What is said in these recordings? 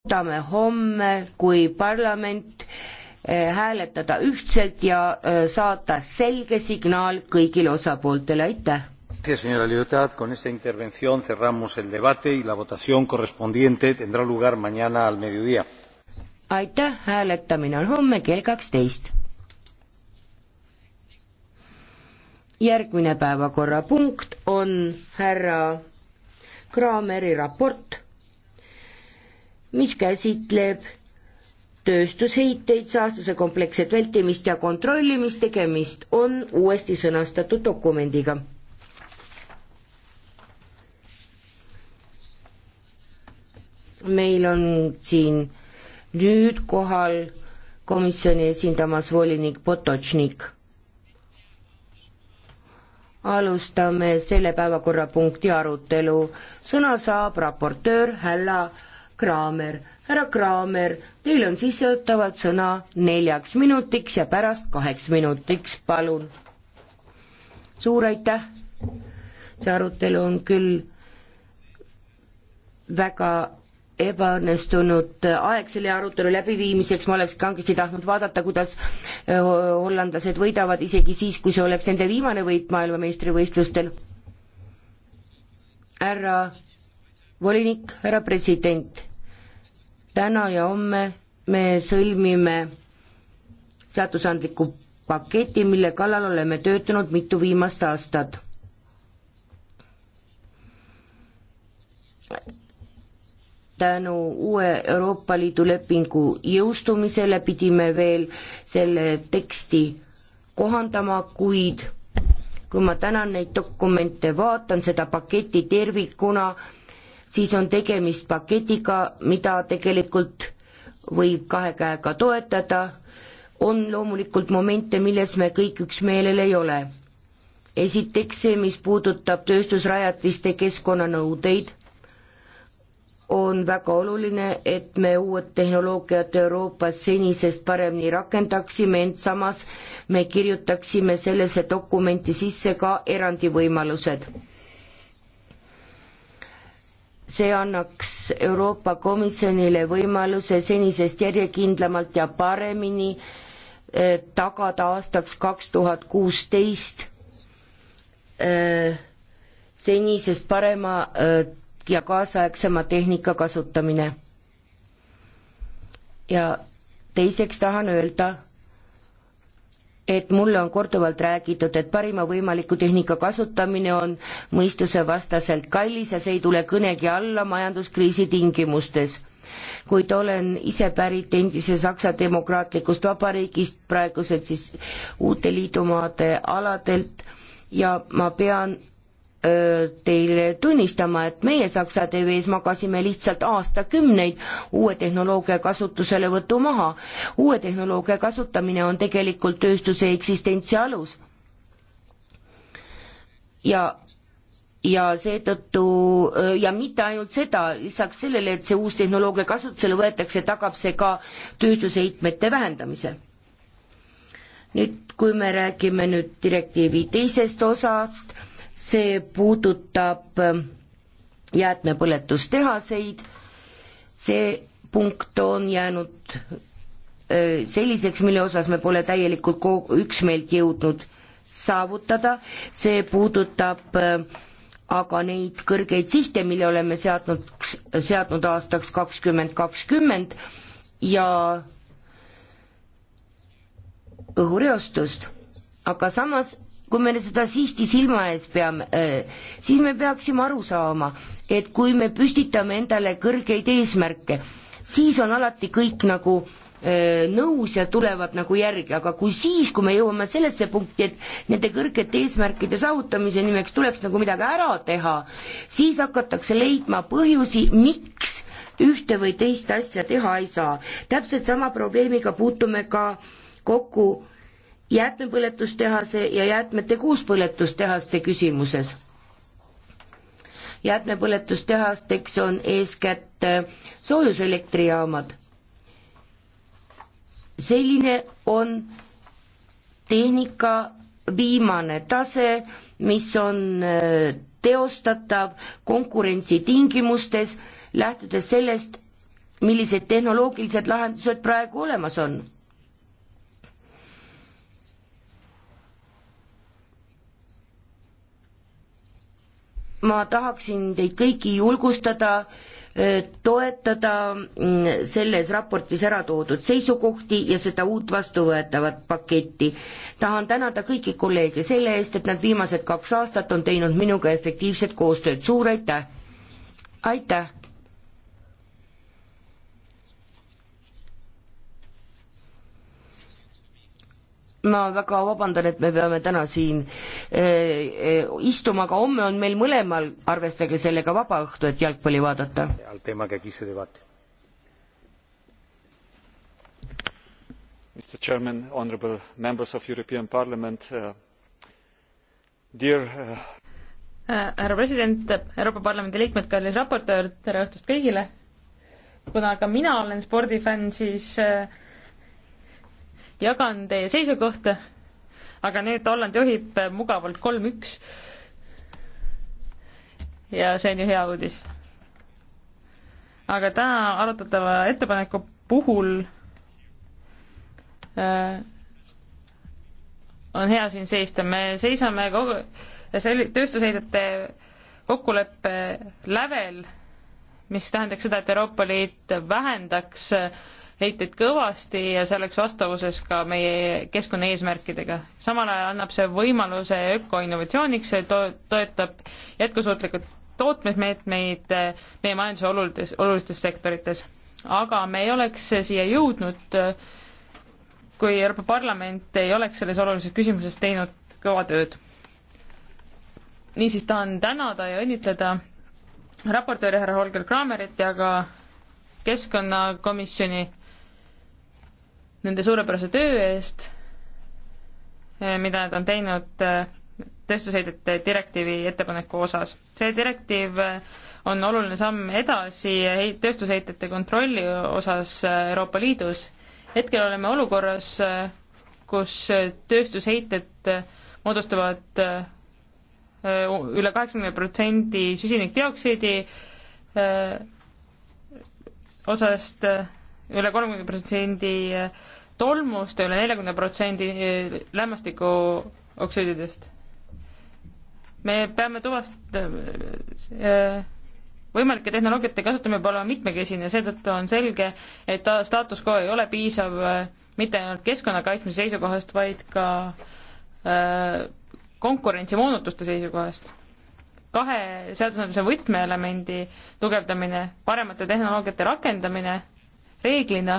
ootame homme, kui parlament eh, hääletada ühtselt ja eh, saata selge signaal kõigile osapooltele, aitäh! Señora Liotard, con esta intervención cerramos el debate y la votación correspondiente tendrá lugar mañana al mediodía. aitäh, hääletamine on homme kell kaksteist. järgmine päevakorrapunkt on härra Kraameri raport mis käsitleb tööstusheiteid, saastuse kompleksset vältimist ja kontrollimist, tegemist on uuesti sõnastatud dokumendiga. meil on siin nüüd kohal komisjoni esindamas volinik Potočnik. alustame selle päevakorrapunkti arutelu, sõna saab raportöör Hälla Kraamer. härra Kraamer, teil on sissejuhatavalt sõna neljaks minutiks ja pärast kaheks minutiks, palun. suur aitäh, see arutelu on küll väga ebaõnnestunud aeg selle arutelu läbiviimiseks, ma oleks kangesti tahtnud vaadata, kuidas eh, hollandlased võidavad, isegi siis, kui see oleks nende viimane võit maailmameistrivõistlustel. härra volinik, härra president, täna ja homme me sõlmime seadusandliku paketi, mille kallal oleme töötanud mitu viimast aastat. tänu uue Euroopa Liidu lepingu jõustumisele pidime veel selle teksti kohandama, kuid kui ma täna neid dokumente vaatan, seda paketti tervikuna, siis on tegemist paketiga, mida tegelikult võib kahe käega toetada, on loomulikult momente, milles me kõik üksmeelel ei ole. esiteks see, mis puudutab tööstusrajatiste keskkonnanõudeid, on väga oluline, et me uued tehnoloogiad Euroopas senisest paremini rakendaksime, ent samas me kirjutaksime sellesse dokumenti sisse ka erandivõimalused see annaks Euroopa Komisjonile võimaluse senisest järjekindlamalt ja paremini eh, tagada aastaks kaks tuhat kuusteist eh, senisest parema eh, ja kaasaegsema tehnika kasutamine. ja teiseks tahan öelda, et mulle on korduvalt räägitud, et parima võimaliku tehnika kasutamine on mõistusevastaselt kallis ja see ei tule kõnegi alla majanduskriisi tingimustes. kuid olen ise pärit endise Saksa demokraatlikust vabariigist, praeguselt siis uute liidumaade aladelt ja ma pean teile tunnistama, et meie Saksa TV-s magasime lihtsalt aastakümneid uue tehnoloogia kasutuselevõtu maha. uue tehnoloogia kasutamine on tegelikult tööstuse eksistentsi alus. ja, ja seetõttu ja mitte ainult seda, lisaks sellele, et see uus tehnoloogia kasutusele võetakse, tagab see ka tööstusheitmete vähendamise nüüd, kui me räägime nüüd direktiivi teisest osast, see puudutab ähm, jäätmepõletustehaseid, see punkt on jäänud äh, selliseks, mille osas me pole täielikult üksmeelt jõudnud saavutada, see puudutab äh, aga neid kõrgeid sihte, mille oleme seadnud, seadnud aastaks kakskümmend kakskümmend ja õhureostust, aga samas kui me seda sihti silma ees peame, eh, siis me peaksime aru saama, et kui me püstitame endale kõrgeid eesmärke, siis on alati kõik nagu eh, nõus ja tulevad nagu järgi, aga kui siis, kui me jõuame sellesse punkti, et nende kõrgete eesmärkide saavutamise nimeks tuleks nagu midagi ära teha, siis hakatakse leidma põhjusi, miks ühte või teist asja teha ei saa. täpselt sama probleemiga puutume ka kokku äh, jäätmepõletustehase ja jäätmete kuuspõletustehaste küsimuses. jäätmepõletustehasteks on eeskätt äh, soojuselektrijaamad. selline on tehnika viimane tase, mis on äh, teostatav konkurentsitingimustes, lähtudes sellest, millised tehnoloogilised lahendused praegu olemas on ma tahaksin teid kõiki julgustada, eh, toetada mm, selles raportis ära toodud seisukohti ja seda uut vastuvõetavat paketti. tahan tänada kõiki kolleege selle eest, et nad viimased kaks aastat on teinud minuga efektiivset koostööd, suur aitäh! aitäh! ma väga vabandan, et me peame täna siin äh, istuma, aga homme on meil mõlemal, arvestage sellega, vaba õhtu, et jalgpalli vaadata. Mr Chairman, honourable members of European Parliament uh,, dear uh... härra president, Euroopa Parlamendi liikmed, kallis raportöör, tere õhtust kõigile! kuna ka mina olen spordifänn, siis uh, jagan teie seisukohta, aga nüüd Holland juhib mugavalt kolm-üks. ja see on ju hea uudis. aga täna arutatava ettepaneku puhul äh, on hea siin seista, me seisame kogu, see oli tööstusheidete kokkuleppe lävel, mis tähendaks seda, et Euroopa Liit vähendaks äh, heiteid kõvasti ja see oleks vastavuses ka meie keskkonnaeesmärkidega. samal ajal annab see võimaluse ökoinnovatsiooniks, see to-, toetab jätkusuutlikult tootmismeetmeid eh, meie majanduse olulites, olulistes sektorites. aga me ei oleks siia jõudnud, eh, kui Euroopa Parlament ei oleks selles olulises küsimuses teinud kõva tööd. niisiis tahan tänada ja õnnitleda raportööri härra Holger Kramerit ja ka keskkonnakomisjoni nende suurepärase töö eest, eh, mida nad on teinud eh, tööstusheidete direktiivi ettepaneku osas. see direktiiv eh, on oluline samm edasi tööstusheitete kontrolli osas Euroopa Liidus. hetkel oleme olukorras, kus tööstusheited moodustavad üle kaheksakümne protsendi süsinikdioksiidi osast üle kolmekümne protsendi äh, tolmust ja üle neljakümne protsendi äh, lämmastikuoksüüdidest. me peame tuvastama äh, võimalike tehnoloogiate kasutamine peab olema mitmekesine, seetõttu on selge, et staatus quo ei ole piisav mitte ainult keskkonna kaitsmise seisukohast, vaid ka äh, konkurentsimoonutuste seisukohast. kahe seadusandluse võtmeelemendi tugevdamine, paremate tehnoloogiate rakendamine reeglina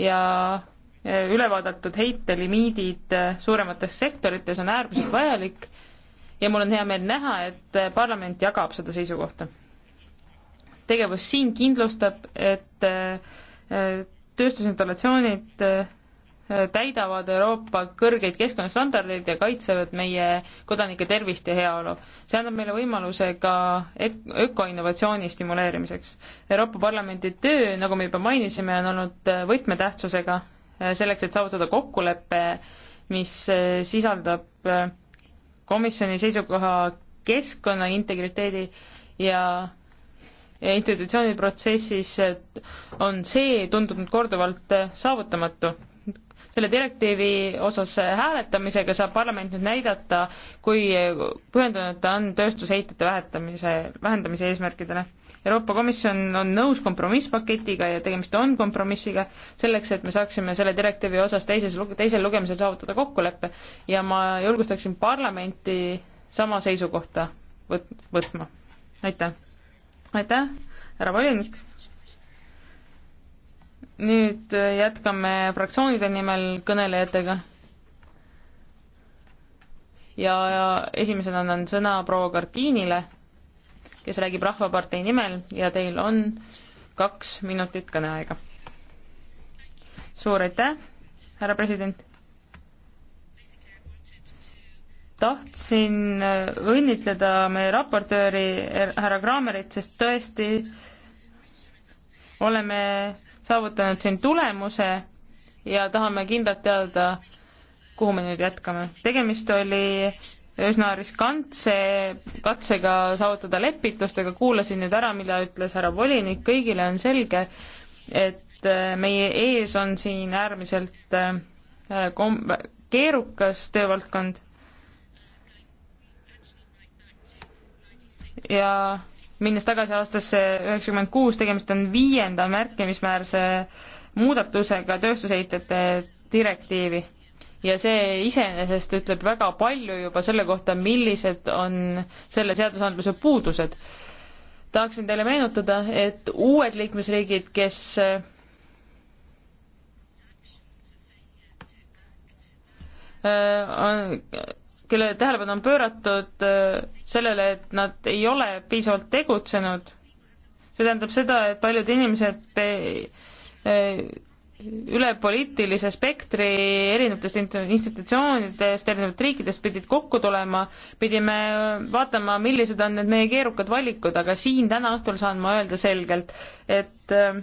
ja e, ülevaadatud heitelimiidid e, suuremates sektorites on äärmiselt vajalik ja mul on hea meel näha, et e, parlament jagab seda seisukohta. tegevus siin kindlustab, et tööstusinstallatsioonid täidavad Euroopa kõrgeid keskkonnastandardeid ja kaitsevad meie kodanike tervist ja heaolu. see annab meile võimaluse ka ökoinnovatsiooni stimuleerimiseks. Euroopa Parlamendi töö, nagu me juba mainisime, on olnud võtmetähtsusega eh, selleks, et saavutada kokkulepe, mis eh, sisaldab eh, komisjoni seisukoha keskkonna integriteedi ja institutsiooni protsessis on see tundunud korduvalt saavutamatu selle direktiivi osas hääletamisega saab parlament nüüd näidata, kui pühendunud ta on tööstusheitjate vähendamise, vähendamise eesmärkidele. Euroopa Komisjon on nõus kompromisspaketiga ja tegemist on kompromissiga, selleks et me saaksime selle direktiivi osas teises, teisel lugemisel saavutada kokkuleppe ja ma julgustaksin parlamenti sama seisukohta võt-, võtma. aitäh! aitäh, härra volinik! nüüd äh, jätkame fraktsioonide nimel kõnelejatega. ja esimesena annan sõna proua Kartiinile, kes räägib Rahvapartei nimel ja teil on kaks minutit kõneaega. suur aitäh, härra president. tahtsin äh, õnnitleda meie raportööri er, härra Kraamerit, sest tõesti oleme saavutanud siin tulemuse ja tahame kindlalt teada, kuhu me nüüd jätkame. tegemist oli üsna riskantse katsega saavutada lepitust, aga kuulasin nüüd ära, mida ütles härra volinik, kõigile on selge, et äh, meie ees on siin äärmiselt äh, kom-, keerukas töövaldkond ja minnes tagasi aastasse üheksakümmend kuus, tegemist on viienda märkimismäärse muudatusega tööstusheitjate direktiivi. ja see iseenesest ütleb väga palju juba selle kohta, millised on selle seadusandluse puudused. tahaksin teile meenutada, et uued liikmesriigid, kes on kelle tähelepanu on pööratud äh, sellele, et nad ei ole piisavalt tegutsenud. see tähendab seda, et paljud inimesed äh, üle poliitilise spektri erinevatest institutsioonidest, erinevatest riikidest pidid kokku tulema, pidime äh, vaatama, millised on need meie keerukad valikud, aga siin täna õhtul saan ma öelda selgelt, et äh,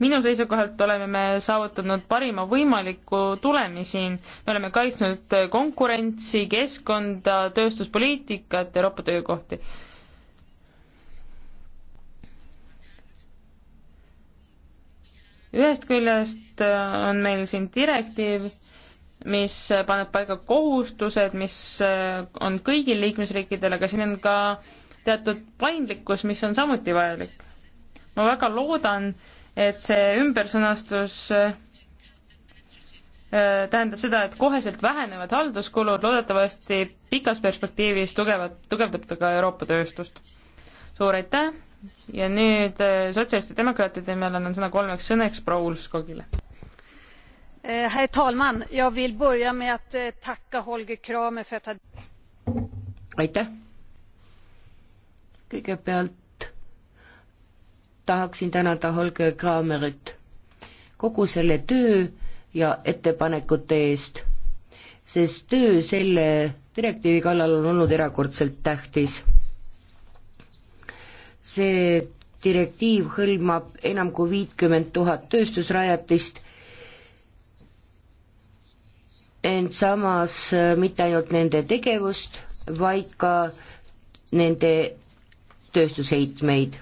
minu seisukohalt oleme me saavutanud parima võimaliku tulemi siin. me oleme kaitsnud konkurentsi, keskkonda, tööstuspoliitikat, Euroopa töökohti. ühest küljest on meil siin direktiiv, mis paneb paika kohustused, mis on kõigil liikmesriikidel, aga siin on ka teatud paindlikkus, mis on samuti vajalik. ma väga loodan, et see ümbersõnastus äh, tähendab seda, et koheselt vähenevad halduskulud, loodetavasti pikas perspektiivis tugevad, tugevdab ta ka Euroopa tööstust. suur aitäh ja nüüd äh, sotsialistide demokraatide nimel annan sõna kolmeks sõnaks proua Ulfskogile. Eh, herr talman, jag vill börja med att eh, tacka Holger Kramer för att aitäh! kõigepealt tahaksin tänada Holger Kraamerit kogu selle töö ja ettepanekute eest, sest töö selle direktiivi kallal on olnud erakordselt tähtis. see direktiiv hõlmab enam kui viitkümmend tuhat tööstusrajatist, ent samas mitte ainult nende tegevust, vaid ka nende tööstusheitmeid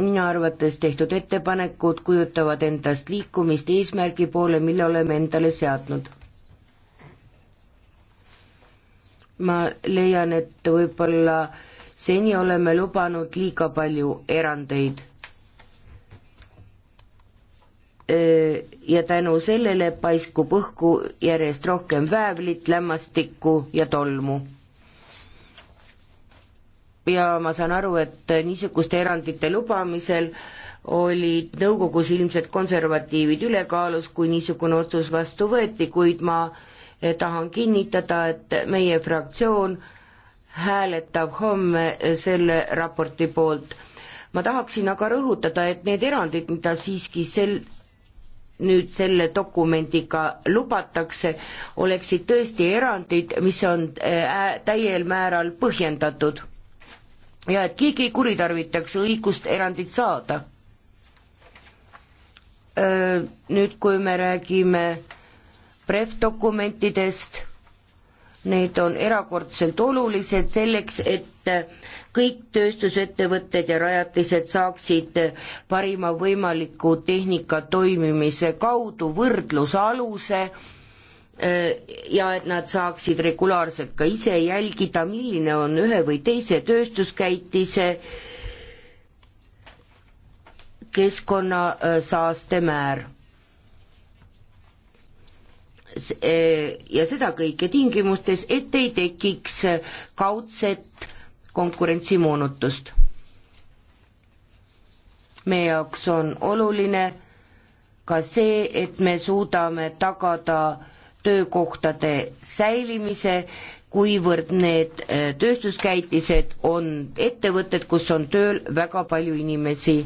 minu arvates tehtud ettepanekud kujutavad endast liikumist eesmärgi poole, mille oleme endale seadnud. ma leian, et võib-olla seni oleme lubanud liiga palju erandeid. ja tänu sellele paiskub õhku järjest rohkem väävlit, lämmastikku ja tolmu ja ma saan aru, et niisuguste erandite lubamisel olid nõukogus ilmselt konservatiivid ülekaalus, kui niisugune otsus vastu võeti, kuid ma eh, tahan kinnitada, et meie fraktsioon hääletab homme selle raporti poolt. ma tahaksin aga rõhutada, et need erandid, mida siiski sel, nüüd selle dokumendiga lubatakse, oleksid tõesti erandid, mis on eh, täiel määral põhjendatud ja et keegi ei kuritarvitaks õigust erandit saada. Nüüd, kui me räägime BREF dokumentidest, need on erakordselt olulised selleks, et kõik tööstusettevõtted ja rajatised saaksid parima võimaliku tehnika toimimise kaudu võrdlusaluse äh, Äh, ja et nad saaksid regulaarselt ka ise jälgida, milline on ühe või teise tööstuskäitise keskkonnasaaste määr. Äh, ja seda kõike tingimustes, et ei tekiks kaudset konkurentsimoonutust. meie jaoks on oluline ka see, et me suudame tagada äh, töökohtade säilimise, kuivõrd need äh, tööstuskäitised on ettevõtted, kus on tööl väga palju inimesi.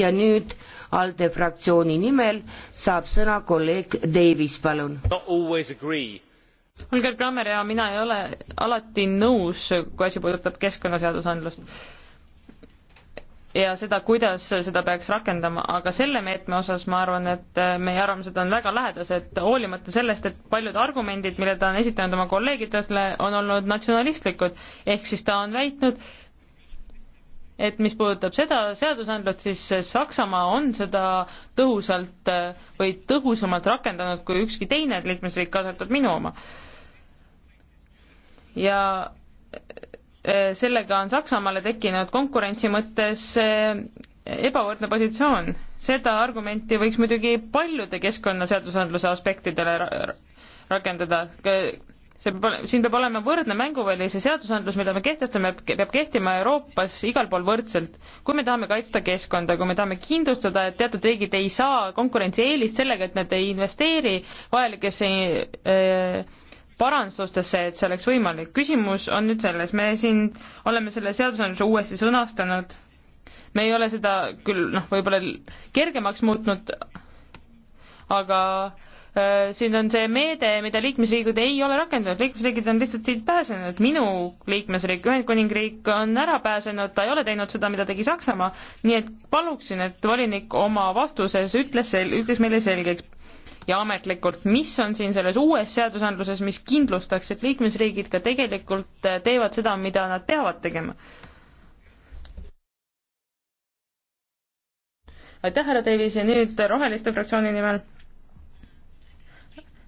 ja nüüd ALDE fraktsiooni nimel saab sõna kolleeg Davis, palun. Holger Klammer ja mina ei ole alati nõus, kui asi puudutab keskkonnaseadusandlust ja seda, kuidas seda peaks rakendama, aga selle meetme osas ma arvan, et äh, meie arvamused on väga lähedased, hoolimata sellest, et paljud argumendid, mille ta on esitanud oma kolleegidele, on olnud natsionalistlikud, ehk siis ta on väitnud, et mis puudutab seda seadusandlust, siis Saksamaa on seda tõhusalt äh, või tõhusamalt rakendanud kui ükski teine liikmesriik, kaasa arvatud minu oma. ja Äh, sellega on Saksamaale tekkinud konkurentsi mõttes äh, ebavõrdne positsioon. seda argumenti võiks muidugi paljude keskkonnaseadusandluse aspektidele ra rakendada. see peab olema, siin peab olema võrdne mänguvõli, see seadusandlus, mida me kehtestame, peab kehtima Euroopas igal pool võrdselt. kui me tahame kaitsta keskkonda, kui me tahame kindlustada, et teatud riigid ei saa konkurentsieelist sellega, et nad ei investeeri vajalikesse äh, parandustesse, et see oleks võimalik. küsimus on nüüd selles, me siin oleme selle seadusandluse uuesti sõnastanud, me ei ole seda küll noh, võib-olla kergemaks muutnud, aga äh, siin on see meede, mida liikmesriigid ei ole rakendanud, liikmesriigid on lihtsalt siit pääsenud, minu liikmesriik, Ühendkuningriik on ära pääsenud, ta ei ole teinud seda, mida tegi Saksamaa, nii et paluksin, et volinik oma vastuses ütles sel-, ütleks meile selgeks, ja ametlikult, mis on siin selles uues seadusandluses, mis kindlustaks, et liikmesriigid ka tegelikult äh, teevad seda, mida nad peavad tegema? aitäh, härra Davis ja nüüd Roheliste fraktsiooni nimel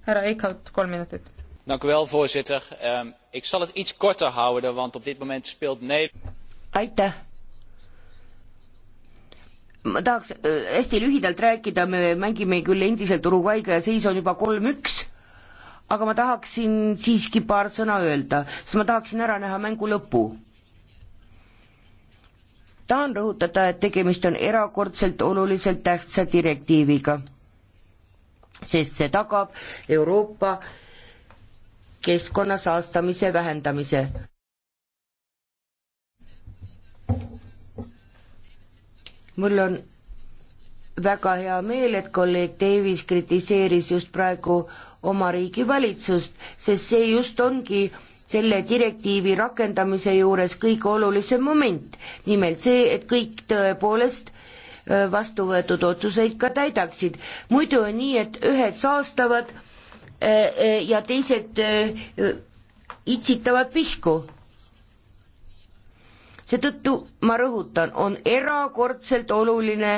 härra Eickhout, kolm minutit. Dank u wel, voorzitter. Um, ik zal het iets korter houden, want op dit moment speelt Nederland. Aitäh ma tahaks äh, hästi lühidalt rääkida, me mängime küll endiselt Uruguayga ja seis on juba kolm-üks, aga ma tahaksin siiski paar sõna öelda, sest ma tahaksin ära näha mängu lõpu. tahan rõhutada, et tegemist on erakordselt oluliselt tähtsa direktiiviga, sest see tagab Euroopa keskkonna saastamise vähendamise. mul on väga hea meel, et kolleeg Davis kritiseeris just praegu oma riigi valitsust, sest see just ongi selle direktiivi rakendamise juures kõige olulisem moment, nimelt see, et kõik tõepoolest äh, vastu võetud otsuseid ka täidaksid. muidu on nii, et ühed saastavad äh, äh, ja teised itsitavad pihku seetõttu ma rõhutan, on erakordselt oluline,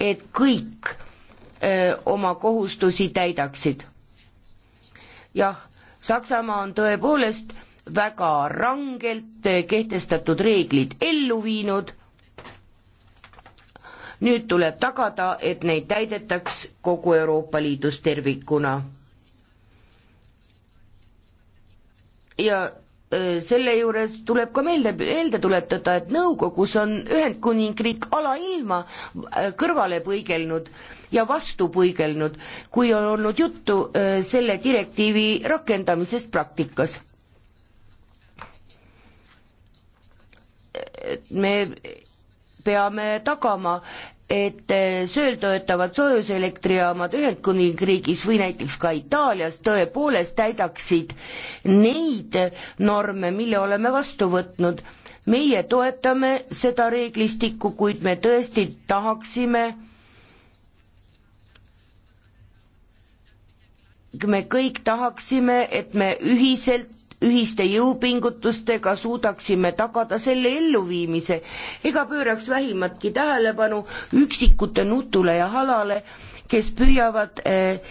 et kõik öö, oma kohustusi täidaksid. jah, Saksamaa on tõepoolest väga rangelt kehtestatud reeglid ellu viinud, nüüd tuleb tagada, et neid täidetaks kogu Euroopa Liidus tervikuna. ja selle juures tuleb ka meelde, meelde tuletada, et nõukogus on Ühendkuningriik alailma kõrvale põigelnud ja vastu põigelnud, kui on olnud juttu selle direktiivi rakendamisest praktikas. me peame tagama et eh, sööl töötavad soojuselektrijaamad Ühendkuningriigis või näiteks ka Itaalias tõepoolest täidaksid neid norme, mille oleme vastu võtnud. meie toetame seda reeglistikku, kuid me tõesti tahaksime me kõik tahaksime, et me ühiselt ühiste jõupingutustega suudaksime tagada selle elluviimise ega pööraks vähimatki tähelepanu üksikute nutule ja halale, kes püüavad eh,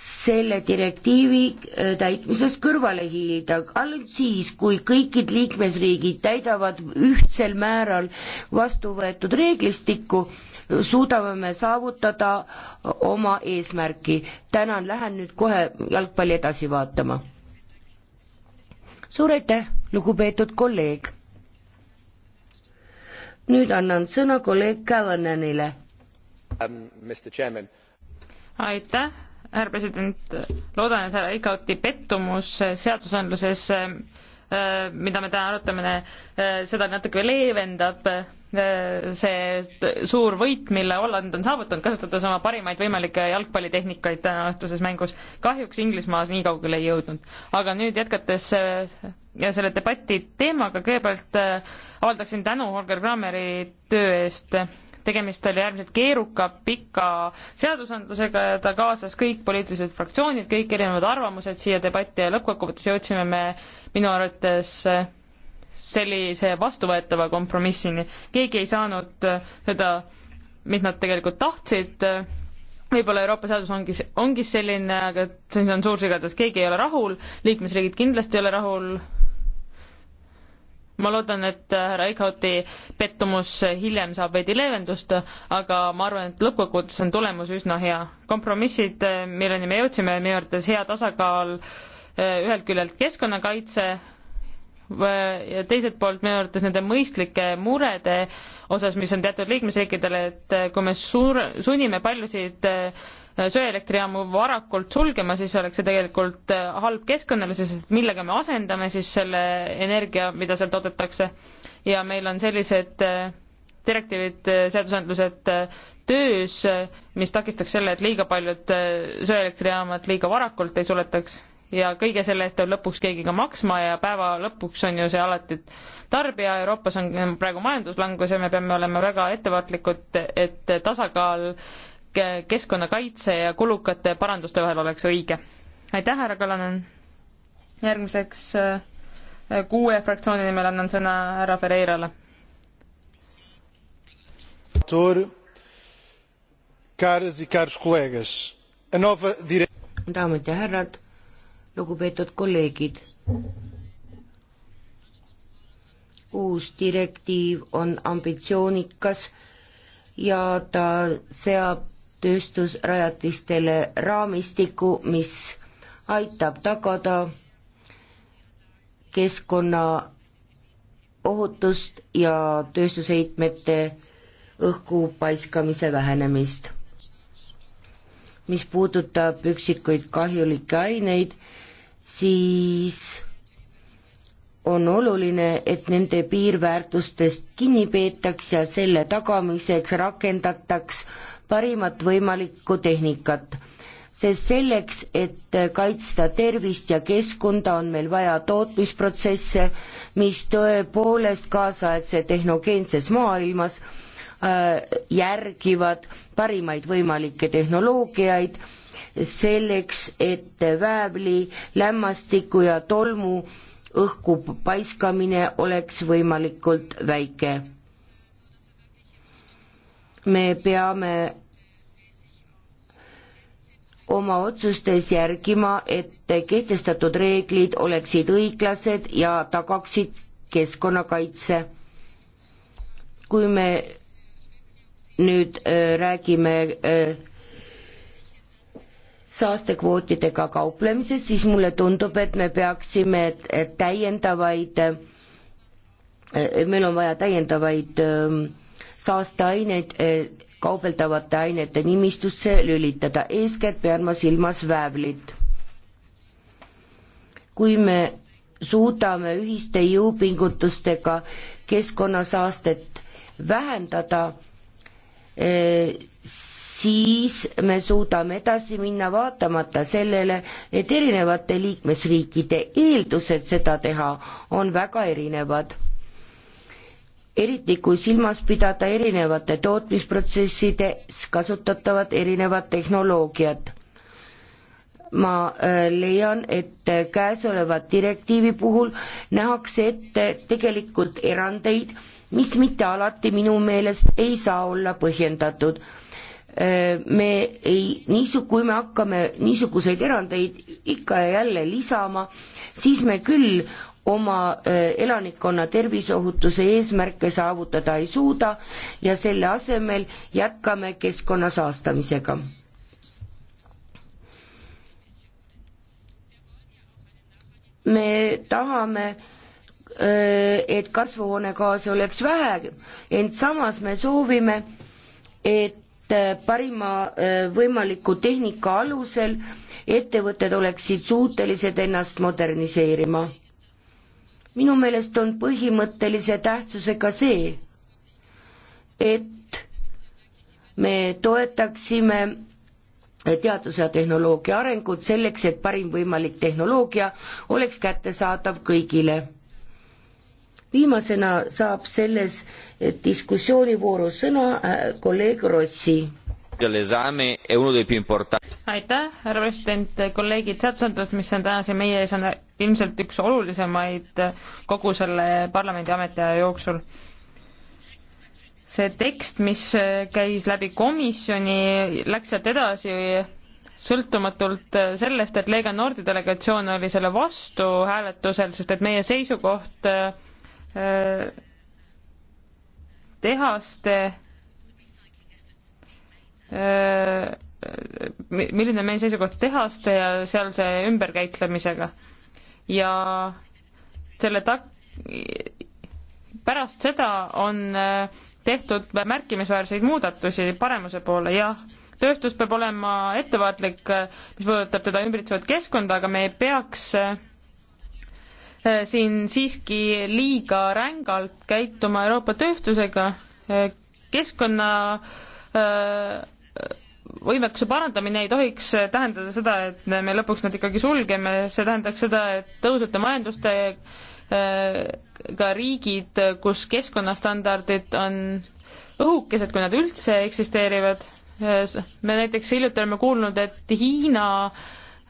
selle direktiivi eh, täitmisest kõrvale hiilida, ainult siis, kui kõikid liikmesriigid täidavad ühtsel määral vastu võetud reeglistikku, suudame me saavutada oma eesmärki. tänan, lähen nüüd kohe jalgpalli edasi vaatama suur aitäh, lugupeetud kolleeg. nüüd annan sõna kolleeg Cavananile um,. aitäh, härra president, loodan, et härra Ikauti pettumus seadusandluses äh, Äh, mida me täna arutame, äh, seda natuke leevendab äh, see suur võit, mille Holland on saavutanud, kasutades oma parimaid võimalikke jalgpallitehnikaid täna õhtuses mängus. kahjuks Inglismaas nii kaugele ei jõudnud. aga nüüd jätkates ja selle debati teemaga, kõigepealt avaldaksin tänu Holger Krammeri töö eest tegemist oli äärmiselt keeruka, pika seadusandlusega ja ta kaasas kõik poliitilised fraktsioonid, kõik erinevad arvamused siia debatti ja lõppkokkuvõttes jõudsime me minu arvates sellise vastuvõetava kompromissini. keegi ei saanud seda, mis nad tegelikult tahtsid, võib-olla Euroopa seadus ongi, ongi selline, aga see on suur sigadus, keegi ei ole rahul, liikmesriigid kindlasti ei ole rahul, ma loodan, et härra Eichhauti pettumus hiljem saab veidi leevendust, aga ma arvan, et lõppkokkuvõttes on tulemus üsna hea. kompromissid, milleni me jõudsime, minu arvates hea tasakaal äh, Äh, ühelt küljelt keskkonnakaitse ja teiselt poolt minu arvates nende mõistlike murede osas, mis on teatud liikmesriikidele, et äh, kui me suur-, sunnime paljusid äh, söeelektrijaamu varakult sulgema, siis oleks see tegelikult halb keskkonnale, sest millega me asendame siis selle energia, mida seal toodetakse. ja meil on sellised direktiivid, seadusandlused töös, mis takistaks selle, et liiga paljud söeelektrijaamad liiga varakult ei suletaks ja kõige selle eest peab lõpuks keegi ka maksma ja päeva lõpuks on ju see alati tarbija, Euroopas on praegu majanduslangus ja me peame olema väga ettevaatlikud, et tasakaal keskkonnakaitse ja kulukate paranduste vahel oleks õige. aitäh, härra Kalanen! järgmiseks äh, kuue fraktsiooni nimel annan sõna härra Ferreirale. E daamid ja härrad lugupeetud kolleegid. uus direktiiv on ambitsioonikas ja ta seab tööstusrajatistele raamistiku, mis aitab tagada keskkonna ohutust ja tööstusheitmete õhku paiskamise vähenemist. mis puudutab üksikuid kahjulikke aineid, siis on oluline, et nende piirväärtustest kinni peetaks ja selle tagamiseks rakendataks parimat võimalikku tehnikat. sest selleks, et kaitsta tervist ja keskkonda, on meil vaja tootmisprotsesse, mis tõepoolest kaasaegse tehnogeenses maailmas äh, järgivad parimaid võimalikke tehnoloogiaid selleks, et väävli, lämmastiku ja tolmu õhku paiskamine oleks võimalikult väike. me peame oma otsustes järgima, et kehtestatud reeglid oleksid õiglased ja tagaksid keskkonnakaitse. kui me nüüd äh, räägime äh, saastekvootidega kauplemises, siis mulle tundub, et me peaksime täiendavaid, meil on vaja täiendavaid ähm, saasteaineid äh, kaubeldavate ainete nimistusse lülitada, eeskätt pean ma silmas väävlit. kui me suudame ühiste jõupingutustega keskkonnasaastet vähendada, Eh, siis me suudame edasi minna vaatamata sellele, et erinevate liikmesriikide eeldused seda teha on väga erinevad. eriti kui silmas pidada erinevate tootmisprotsessides kasutatavat erinevat tehnoloogiat ma äh, leian, et käesoleva direktiivi puhul nähakse ette tegelikult erandeid mis mitte alati minu meelest ei saa olla põhjendatud. Äh, me ei, niisu-, kui me hakkame niisuguseid erandeid ikka ja jälle lisama, siis me küll oma äh, elanikkonna terviseohutuse eesmärke saavutada ei suuda ja selle asemel jätkame keskkonna saastamisega. me tahame äh, Äh, et kasvuhoonegaase oleks vähe, ent samas me soovime, et äh, parima äh, võimaliku tehnika alusel ettevõtted oleksid suutelised ennast moderniseerima. minu meelest on põhimõttelise tähtsusega see, et me toetaksime teaduse ja tehnoloogia arengut selleks, et parim võimalik tehnoloogia oleks kättesaadav kõigile viimasena saab selles diskussioonivooru sõna äh, kolleeg Rossi. aitäh, härra president, kolleegid, seadusandlus, mis on täna siin meie ees, on ilmselt üks olulisemaid kogu selle parlamendi ametiaja jooksul see tekst, mis käis läbi komisjoni, läks sealt edasi sõltumatult sellest, et Lega Nordi delegatsioon oli selle vastu hääletusel, sest et meie seisukoht äh, tehaste milline on meie seisukoht tehaste ja sealse ümberkäitlemisega ja selle tak-, pärast seda on äh, tehtud märkimisväärseid muudatusi paremuse poole, jah, tööstus peab olema ettevaatlik, äh, mis puudutab teda ümbritsevat keskkonda, aga me ei peaks äh, Äh, siin siiski liiga rängalt käituma Euroopa tööstusega, äh, keskkonna äh, võimekuse parandamine ei tohiks tähendada seda, et me lõpuks nad ikkagi sulgeme, see tähendaks seda, et tõusvate majandustega riigid, kus keskkonnastandardid on õhukesed, kui nad üldse eksisteerivad, me näiteks hiljuti oleme kuulnud, et Hiina äh,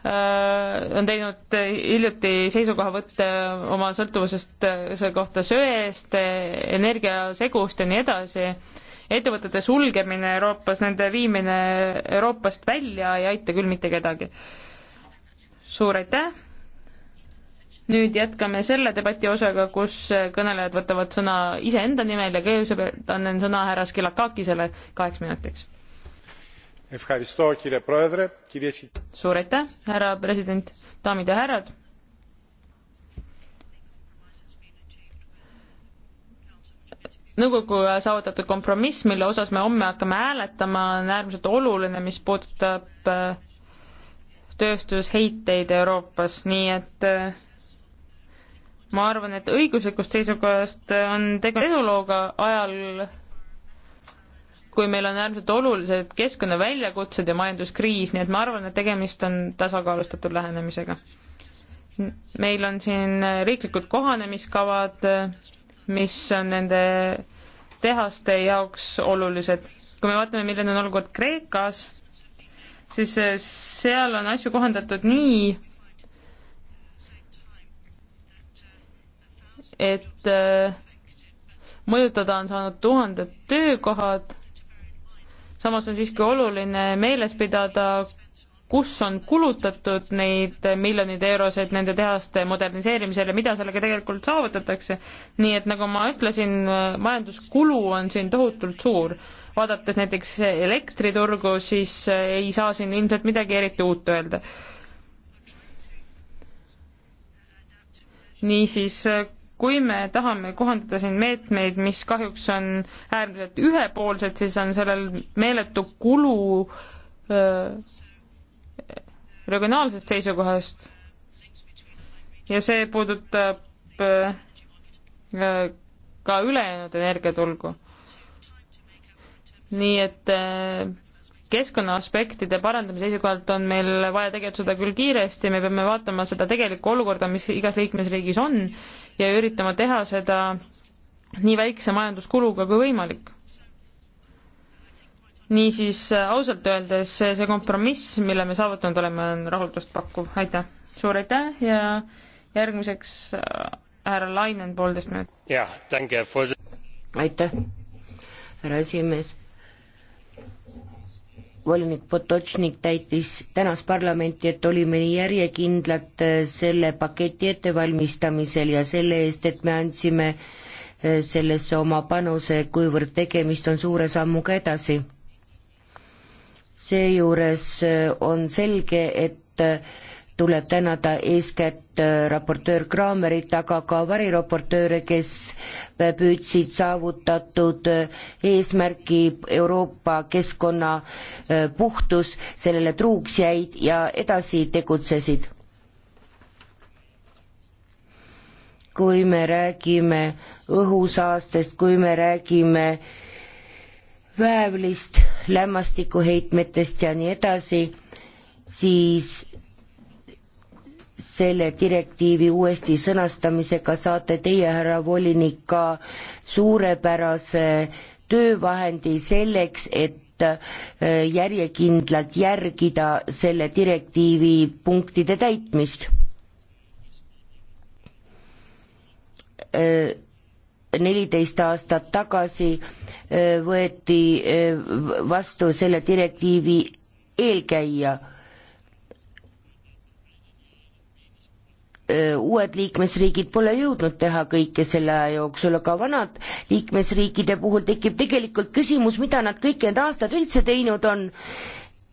Äh, on teinud hiljuti seisukohavõtte oma sõltuvusest äh, selle kohta söest, energiasegust ja nii edasi. ettevõtete sulgemine Euroopas, nende viimine Euroopast välja ei aita küll mitte kedagi. suur aitäh! nüüd jätkame selle debati osaga, kus äh, kõnelejad võtavad sõna iseenda nimel ja kõigepealt annan sõna härra Skilakakisele kaheks minutiks suur aitäh, härra president, daamid ja härrad. nõukoguga saavutatud kompromiss, mille osas me homme hakkame hääletama, on äärmiselt oluline, mis puudutab äh, tööstusheiteid Euroopas, nii et äh, ma arvan, et õiguslikust seisukohast äh, on tegu edulooga ajal, kui meil on äärmiselt olulised keskkonnaväljakutsed ja majanduskriis, nii et ma arvan, et tegemist on tasakaalustatud lähenemisega. meil on siin riiklikud kohanemiskavad, mis on nende tehaste jaoks olulised. kui me vaatame, milline on olukord Kreekas, siis eh, seal on asju kohandatud nii, et eh, mõjutada on saanud tuhanded töökohad samas on siiski oluline meeles pidada, kus on kulutatud neid miljoneid eurosid nende tehaste moderniseerimisele, mida sellega tegelikult saavutatakse. nii et nagu ma ütlesin, majanduskulu on siin tohutult suur. vaadates näiteks elektriturgu, siis ei saa siin ilmselt midagi eriti uut öelda. niisiis kui me tahame kohandada siin meetmeid, mis kahjuks on äärmiselt ühepoolsed, siis on sellel meeletu kulu öö, regionaalsest seisukohast. ja see puudutab öö, ka ülejäänud energiatulgu. nii et öö, keskkonnaaspektide parandamise seisukohalt on meil vaja tegutseda küll kiiresti, me peame vaatama seda tegelikku olukorda, mis igas liikmesriigis on ja üritama teha seda nii väikse majanduskuluga kui võimalik. niisiis äh, ausalt öeldes see, see kompromiss, mille me saavutanud oleme, on rahuldust pakkuv, aitäh. suur aitäh ja järgmiseks äh, härra Lainen, poolteist minutit. jah, tänke. aitäh, härra esimees volinik Potočnik täitis, tänas parlamenti, et olime nii järjekindlad äh, selle paketi ettevalmistamisel ja selle eest, et me andsime äh, sellesse oma panuse, kuivõrd tegemist on suure sammuga edasi. seejuures äh, on selge, et tuleb tänada eeskätt äh, raportöör Kraamerit, aga ka variraportööre, kes äh, püüdsid saavutatud äh, eesmärki Euroopa keskkonna puhtus, sellele truuks jäid ja edasi tegutsesid. kui me räägime õhusaastest, kui me räägime väävlist, lämmastikuheitmetest ja nii edasi, siis selle direktiivi uuesti sõnastamisega saate teie, härra volinik, ka suurepärase töövahendi selleks, et äh, järjekindlalt järgida selle direktiivi punktide täitmist. Äh, neliteist aastat tagasi äh, võeti vastu selle direktiivi eelkäija uued liikmesriigid pole jõudnud teha kõike selle aja jooksul, aga vanad liikmesriikide puhul tekib tegelikult küsimus, mida nad kõik need aastad üldse teinud on,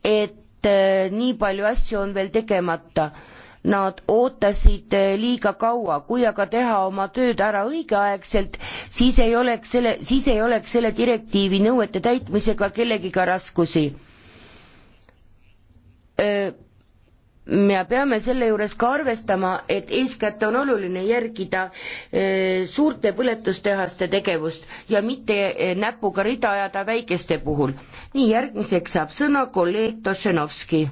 et nii palju asju on veel tegemata nad ootasid liiga kaua, kui aga teha oma tööd ära õigeaegselt, siis ei oleks selle, siis ei oleks selle direktiivi nõuete täitmisega kellegiga raskusi me peame selle juures ka arvestama, et eeskätt on oluline järgida eh, suurte põletustehaste tegevust ja mitte eh, näpuga rida ajada väikeste puhul. nii, järgmiseks saab sõna kolleeg Tošenovski.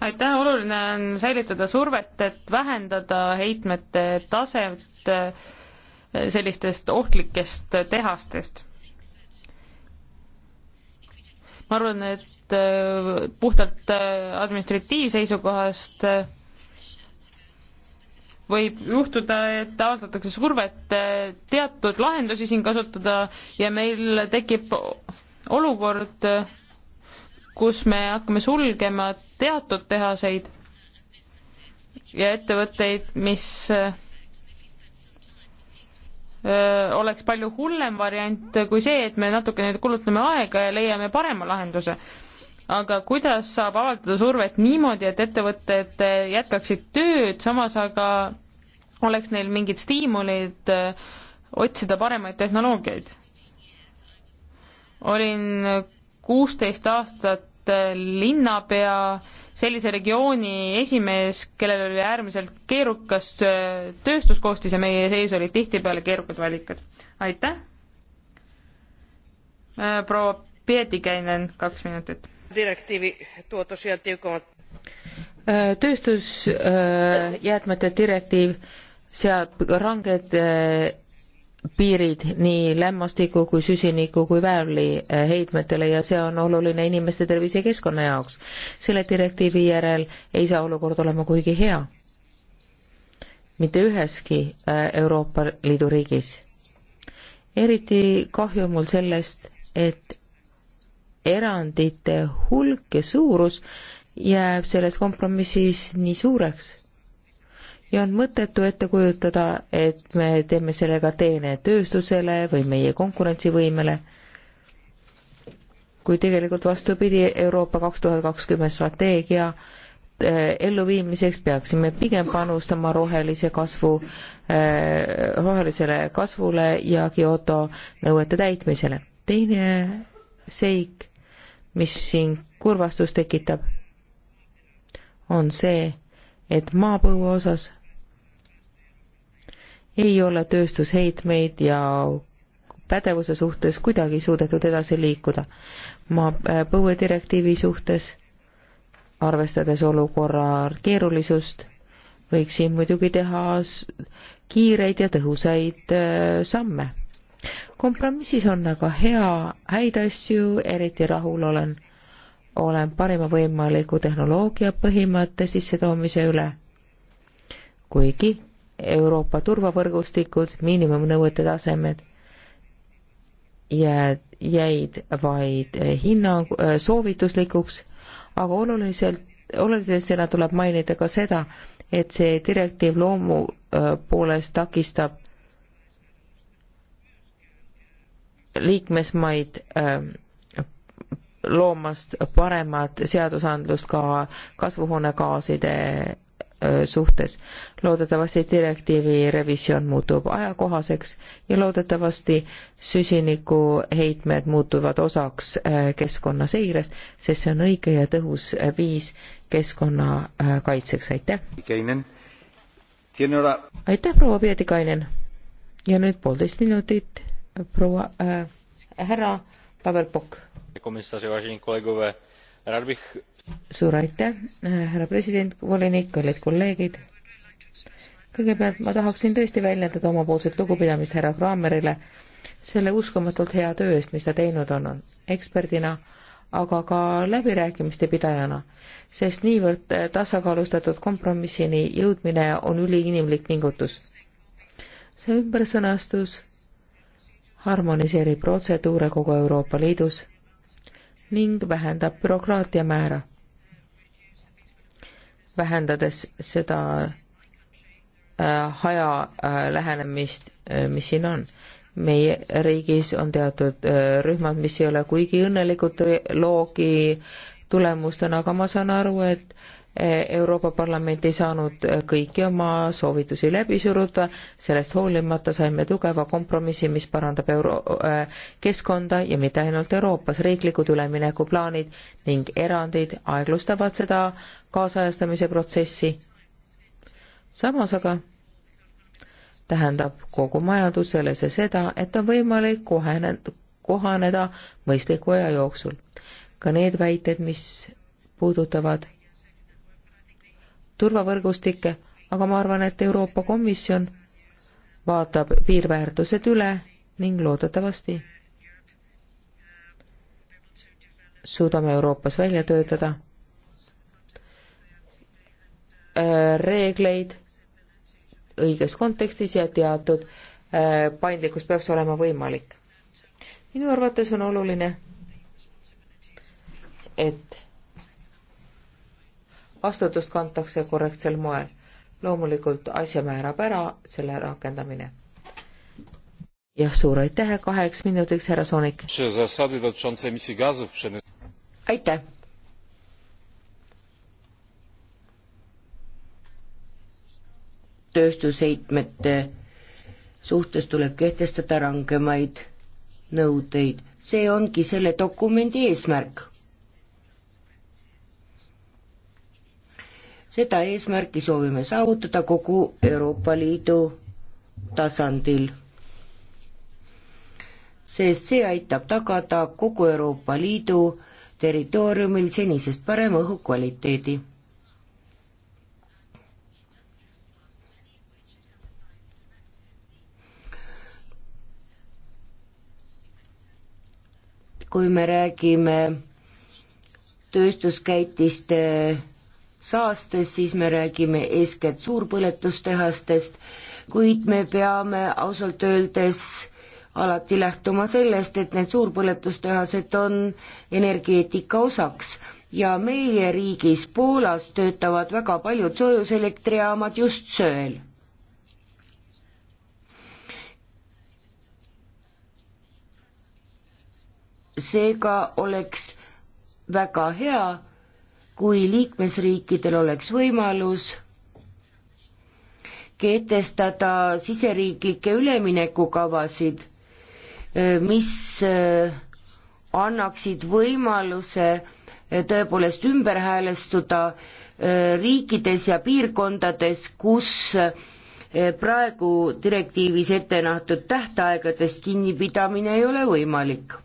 aitäh, oluline on säilitada survet, et vähendada heitmete taset sellistest ohtlikest tehastest. ma arvan, et äh, puhtalt äh, administratiivseisukohast äh, võib juhtuda, et avaldatakse survet teatud lahendusi siin kasutada ja meil tekib olukord, kus me hakkame sulgema teatud tehaseid ja ettevõtteid, mis oleks palju hullem variant kui see, et me natukene kulutame aega ja leiame parema lahenduse. aga kuidas saab avaldada survet niimoodi, et ettevõtted äh, jätkaksid tööd, samas aga oleks neil mingid stiimulid äh, otsida paremaid tehnoloogiaid? olin kuusteist aastat äh, linnapea sellise regiooni esimees, kellel oli äärmiselt keerukas äh, tööstuskoostis ja meie sees olid tihtipeale keerukad valikud. aitäh! Äh, proua Pietikäinen, kaks minutit. direktiivi tuotusia tiukamalt. Äh, tööstusjäätmete direktiiv seab ranged piirid nii lämmastiku kui süsiniku kui väävli eh, heitmetele ja see on oluline inimeste tervise ja keskkonna jaoks. selle direktiivi järel ei saa olukord olema kuigi hea. mitte üheski eh, Euroopa Liidu riigis. eriti kahju on mul sellest, et erandite hulk ja suurus jääb selles kompromissis nii suureks ja on mõttetu ette kujutada, et me teeme sellega teene tööstusele või meie konkurentsivõimele, kui tegelikult vastupidi, Euroopa kaks tuhat kakskümmend strateegia eh, elluviimiseks peaksime pigem panustama rohelise kasvu, eh, rohelisele kasvule ja Kyoto nõuete täitmisele. teine seik, mis siin kurvastust tekitab, on see, et maapõue osas ei ole tööstusheitmeid ja pädevuse suhtes kuidagi suudetud edasi liikuda. ma äh, põuedirektiivi suhtes, arvestades olukorra keerulisust, võiksin muidugi teha kiireid ja tõhusaid äh, samme. kompromissis on aga hea, häid asju, eriti rahul olen, olen parima võimaliku tehnoloogia põhimõtte sissetoomise üle. kuigi Euroopa turvavõrgustikud, miinimumnõuete tasemed jääd, jäid vaid eh, hinnang, eh, soovituslikuks, aga oluliselt, olulisena tuleb mainida ka seda, et see direktiiv loomu eh, poolest takistab liikmesmaid loomast paremat seadusandlust ka kasvuhoonegaaside suhtes. loodetavasti direktiivi revisjon muutub ajakohaseks ja loodetavasti süsinikuheitmed muutuvad osaks keskkonnaseirest, sest see on õige ja tõhus viis keskkonna kaitseks, aitäh! aitäh, proua Pietikainen! ja nüüd poolteist minutit proua äh, härra Pavel Pokk. komisjon, kolleegid, rad bih suur aitäh, äh, härra president, volinik, kallid kolleegid. kõigepealt ma tahaksin tõesti väljendada omapoolset lugupidamist härra Kraamerile selle uskumatult hea töö eest, mis ta teinud on, eksperdina, aga ka läbirääkimiste pidajana, sest niivõrd äh, tasakaalustatud kompromissini jõudmine on üliinimlik pingutus. see ümbersõnastus harmoniseerib protseduure kogu Euroopa Liidus ning vähendab bürokraatia määra vähendades seda äh, haja äh, lähenemist, äh, mis siin on. meie riigis on teatud rühmad, mis ei ole kuigi õnnelikud loogi tulemustena, aga ma saan aru, et Euroopa Parlament ei saanud kõiki oma soovitusi läbi suruda, sellest hoolimata saime tugeva kompromissi, mis parandab euro-, äh, keskkonda ja mitte ainult Euroopas, riiklikud üleminekuplaanid ning erandid aeglustavad seda kaasajastamise protsessi. samas aga tähendab kogu majandusele see seda, et on võimalik kohene-, kohaneda mõistliku aja jooksul. ka need väited, mis puudutavad turvavõrgustikke, aga ma arvan, et Euroopa Komisjon vaatab piirväärtused üle ning loodetavasti suudame Euroopas välja töötada äh, reegleid õiges kontekstis ja teatud äh, paindlikkus peaks olema võimalik. minu arvates on oluline, et vastutust kantakse korrektsel moel. loomulikult asja määrab ära selle rakendamine. jah, suur aitäh kaheks minutiks, härra Soonik. aitäh. tööstusheitmete suhtes tuleb kehtestada rangemaid nõudeid. see ongi selle dokumendi eesmärk seda eesmärki soovime saavutada kogu Euroopa Liidu tasandil, sest see aitab tagada kogu Euroopa Liidu territooriumil senisest parema õhukvaliteedi. kui me räägime tööstuskäitiste saastest, siis me räägime eeskätt suurpõletustehastest, kuid me peame ausalt öeldes alati lähtuma sellest, et need suurpõletustehased on energeetika osaks ja meie riigis Poolas töötavad väga paljud soojuselektrijaamad just söel. seega oleks väga hea, kui liikmesriikidel oleks võimalus kehtestada siseriiklikke üleminekukavasid, eh, mis eh, annaksid võimaluse eh, tõepoolest ümber häälestuda riikides ja piirkondades, kus praegu direktiivis ette nähtud tähtaegadest kinnipidamine ei ole võimalik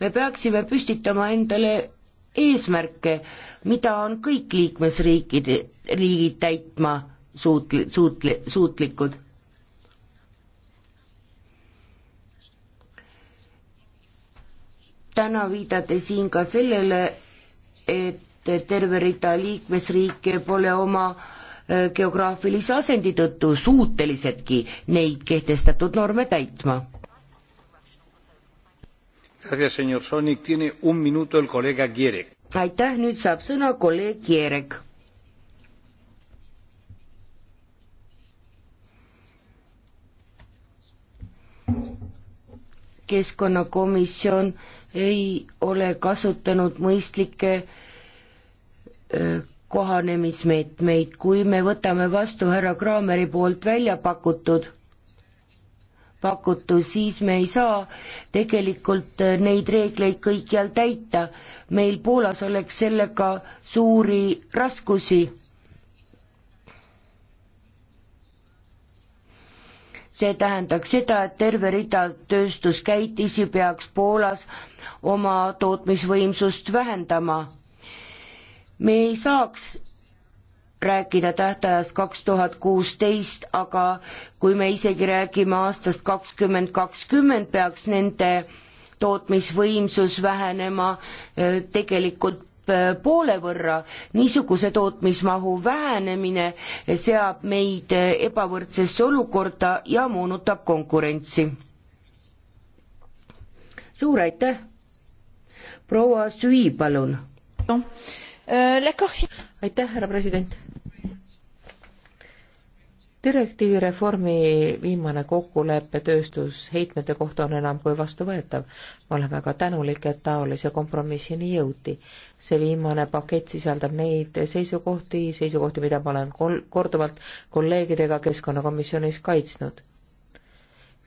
me peaksime püstitama endale eesmärke, mida on kõik liikmesriikide, riigid täitma suutli-, suutli-, suutlikud. täna viidati siin ka sellele, et terve rida liikmesriike pole oma äh, geograafilise asendi tõttu suutelisedki neid kehtestatud norme täitma aitäh, nüüd saab sõna kolleeg Jerek. keskkonnakomisjon ei ole kasutanud mõistlikke kohanemismeetmeid, kui me võtame vastu härra Kraameri poolt välja pakutud pakutu, siis me ei saa tegelikult äh, neid reegleid kõikjal täita. meil Poolas oleks sellega suuri raskusi. see tähendaks seda, et terve rida tööstuskäitisi peaks Poolas oma tootmisvõimsust vähendama. me ei saaks rääkida tähtajast kaks tuhat kuusteist, aga kui me isegi räägime aastast kakskümmend kakskümmend, peaks nende tootmisvõimsus vähenema e, tegelikult e, poole võrra, niisuguse tootmismahu vähenemine seab meid ebavõrdsesse olukorda ja moonutab konkurentsi. suur aitäh! proua Süü, palun! E, aitäh, härra president! direktiivi reformi viimane kokkulepe tööstusheitmete kohta on enam kui vastuvõetav. ma olen väga tänulik, et taolise kompromissini jõuti. see viimane pakett sisaldab neid seisukohti, seisukohti, mida ma olen kol-, korduvalt kolleegidega Keskkonnakomisjonis kaitsnud.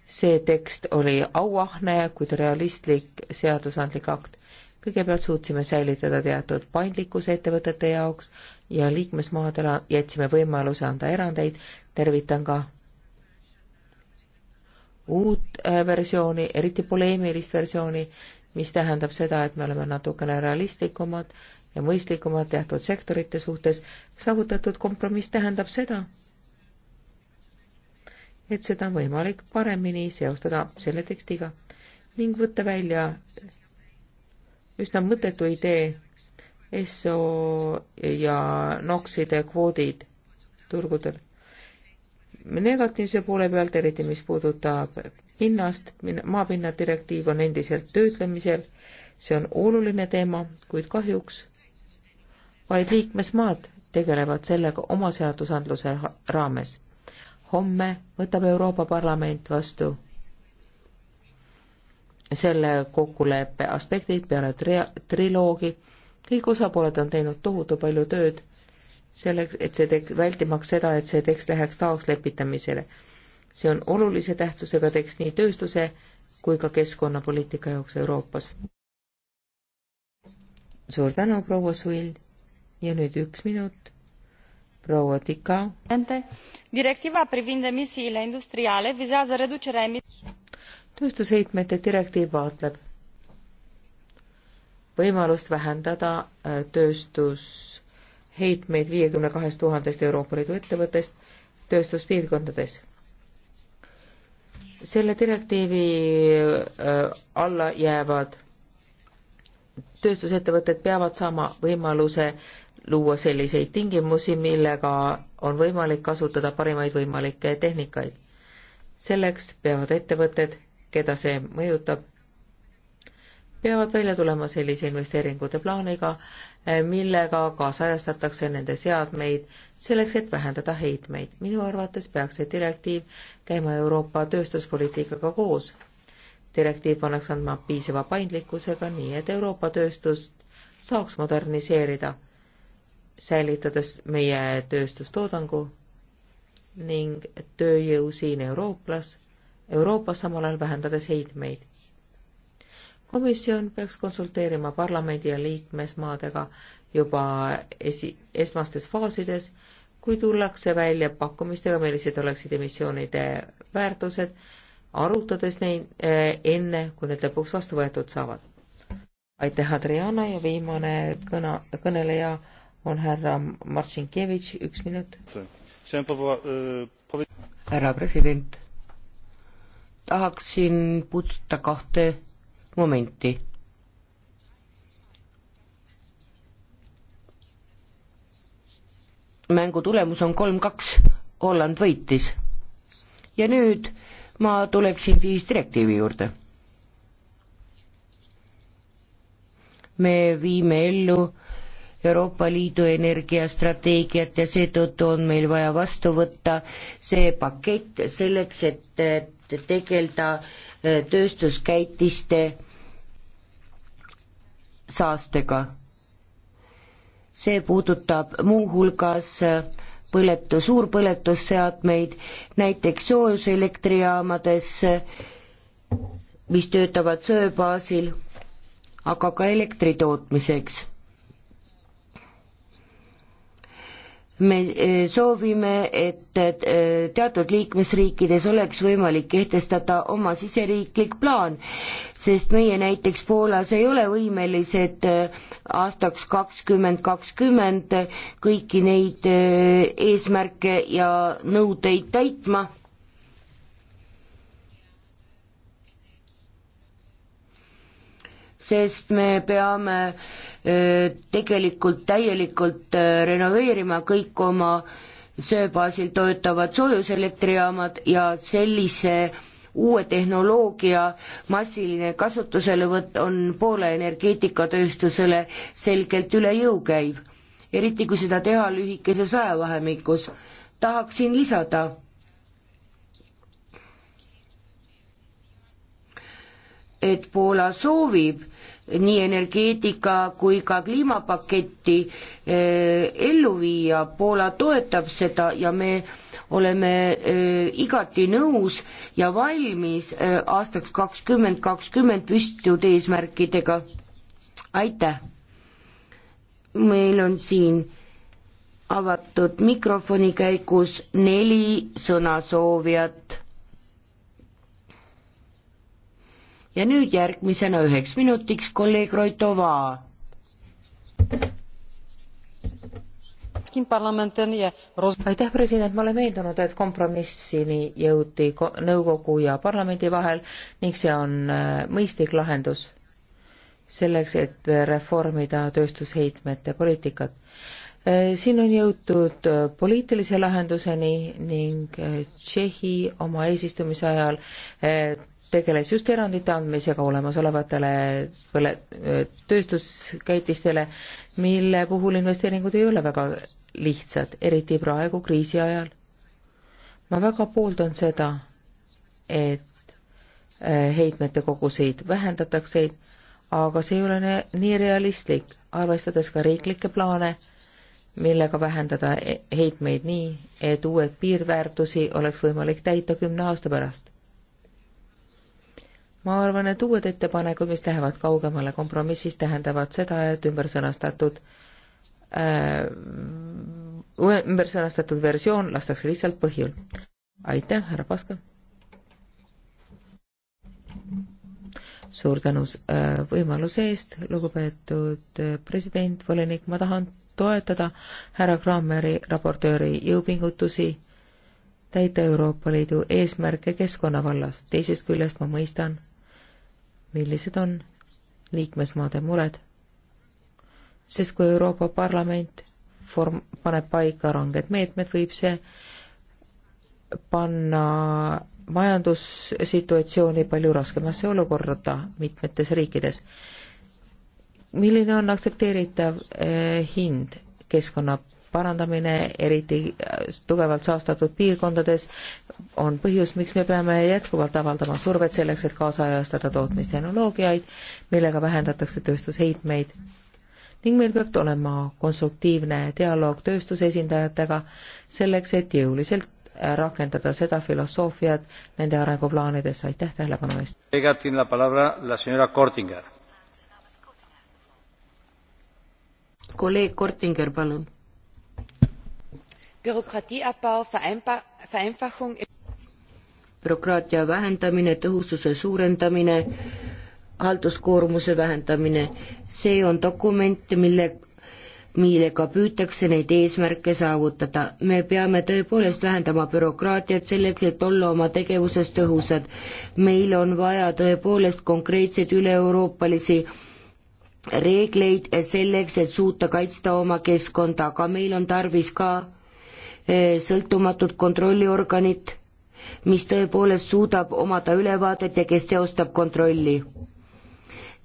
see tekst oli auahne, kuid realistlik seadusandlik akt. kõigepealt suutsime säilitada teatud paindlikkuse ettevõtete jaoks ja liikmesmaadele jätsime võimaluse anda erandeid, tervitan ka uut äh, versiooni, eriti poleemilist versiooni, mis tähendab seda, et me oleme natukene realistlikumad ja mõistlikumad teatud sektorite suhtes. saavutatud kompromiss tähendab seda, et seda on võimalik paremini seostada selle tekstiga ning võtta välja üsna mõttetu idee SO ja NOX-ide kvoodid turgudel negatiivse poole pealt, eriti mis puudutab pinnast, maapinna direktiiv on endiselt töötlemisel, see on oluline teema, kuid kahjuks vaid liikmesmaad tegelevad sellega oma seadusandluse raames. homme võtab Euroopa Parlament vastu selle kokkuleppe aspektid peale tri-, triloogi, kõik osapooled on teinud tohutu palju tööd selleks, et see tekst, vältimaks seda, et see tekst läheks taaslepitamisele. see on olulise tähtsusega tekst nii tööstuse kui ka keskkonnapoliitika jaoks Euroopas. suur tänu, proua Suil ja nüüd üks minut proua Tika. direktiiva privind emisiile industriaale visează reducerea emi-. tööstusheitmete direktiiv vaatleb võimalust vähendada äh, tööstus heitmeid viiekümne kahest tuhandest Euroopa Liidu ettevõttest tööstuspiirkondades. selle direktiivi äh, alla jäävad tööstusettevõtted peavad saama võimaluse luua selliseid tingimusi, millega on võimalik kasutada parimaid võimalikke tehnikaid. selleks peavad ettevõtted, keda see mõjutab, peavad välja tulema sellise investeeringute plaaniga, Eh, millega kaasajastatakse nende seadmeid selleks, et vähendada heitmeid. minu arvates peaks see direktiiv käima Euroopa tööstuspoliitikaga koos. direktiiv pannakse andma piisava paindlikkusega, nii et Euroopa tööstust saaks moderniseerida, säilitades meie tööstustoodangu ning tööjõu siin Euroopas, Euroopas samal ajal vähendades heitmeid komisjon peaks konsulteerima parlamendi ja liikmesmaadega juba esi, esmastes faasides, kui tullakse välja pakkumistega, millised oleksid emissioonide väärtused, arutades neid eh, enne, kui need lõpuks vastu võetud saavad. aitäh, Adriana ja viimane kõna, kõneleja on härra Martšinkevitš, üks minut. härra president, tahaksin puudutada kahte momenti. mängu tulemus on kolm-kaks, Holland võitis. ja nüüd ma tuleksin siis direktiivi juurde. me viime ellu Euroopa Liidu energiastrateegiat ja seetõttu on meil vaja vastu võtta see pakett selleks, et et tegeleda äh, tööstuskäitiste saastega. see puudutab muuhulgas äh, põletu, suurpõletusseadmeid, näiteks soojuselektrijaamades, äh, mis töötavad sööbaasil, aga ka elektri tootmiseks me eh, soovime, et eh, teatud liikmesriikides oleks võimalik kehtestada oma siseriiklik plaan, sest meie näiteks Poolas ei ole võimelised eh, aastaks kakskümmend kakskümmend kõiki neid eesmärke ja nõudeid täitma sest me peame tegelikult täielikult renoveerima kõik oma söebaasil töötavad soojuselektrijaamad ja sellise uue tehnoloogia massiline kasutuselevõtt on Poola energeetikatööstusele selgelt üle jõu käiv, eriti kui seda teha lühikeses ajavahemikus. tahaksin lisada et Poola soovib nii energeetika kui ka kliimapaketti eh, ellu viia, Poola toetab seda ja me oleme eh, igati nõus ja valmis eh, aastaks kakskümmend kakskümmend püstitud eesmärkidega. aitäh! meil on siin avatud mikrofoni käigus neli sõnasoovijat ja nüüd järgmisena üheks minutiks kolleeg Roitova. aitäh, president, ma olen veendunud, et kompromissini jõuti nõukogu ja parlamendi vahel ning see on äh, mõistlik lahendus selleks, et reformida tööstusheitmete poliitikat. Äh, siin on jõutud äh, poliitilise lahenduseni ning Tšehhi oma eesistumise ajal tegeles just erandite andmisega olemasolevatele põle-, tööstuskäitistele, mille puhul investeeringud ei ole väga lihtsad, eriti praegu kriisi ajal. ma väga pooldan seda, et äh, heitmete koguseid vähendatakse, aga see ei ole nii realistlik, arvestades ka riiklikke plaane, millega vähendada heitmeid nii, et uued piirväärtusi oleks võimalik täita kümne aasta pärast ma arvan, et uued ettepanekud, mis lähevad kaugemale kompromissist, tähendavad seda, et ümbersõnastatud äh,, ümbersõnastatud versioon lastakse lihtsalt põhjul. aitäh, härra Paska! suur tänu äh, võimaluse eest, lugupeetud äh, president, volinik, ma tahan toetada härra Krammeri raportööri jõupingutusi täita Euroopa Liidu eesmärke keskkonna vallas, teisest küljest ma mõistan millised on liikmesmaade mured. sest kui Euroopa Parlament form-, paneb paika ranged meetmed, võib see panna majandussituatsiooni palju raskemasse olukorda mitmetes riikides. milline on aktsepteeritav eh, hind keskkonna parandamine, eriti äh, tugevalt saastatud piirkondades, on põhjus, miks me peame jätkuvalt avaldama survet selleks, et kaasajastada tootmistehnoloogiaid, millega vähendatakse tööstusheitmeid ning meil peab olema konstruktiivne dialoog tööstuse esindajatega selleks, et jõuliselt äh, rakendada seda filosoofiat nende arenguplaanides. aitäh tähelepanu eest! kolleeg Kortinger, palun! bürokratieabbau vereinfachung bürokraatia vähendamine, tõhususe suurendamine, halduskoormuse vähendamine, see on dokument, mille, millega püütakse neid eesmärke saavutada. me peame tõepoolest vähendama bürokraatiat selleks, et olla oma tegevuses tõhusad. meil on vaja tõepoolest konkreetseid üle-euroopalisi reegleid selleks, et suuta kaitsta oma keskkonda, aga meil on tarvis ka Eh, sõltumatut kontrolliorganit, mis tõepoolest suudab omada ülevaadet ja kes teostab kontrolli.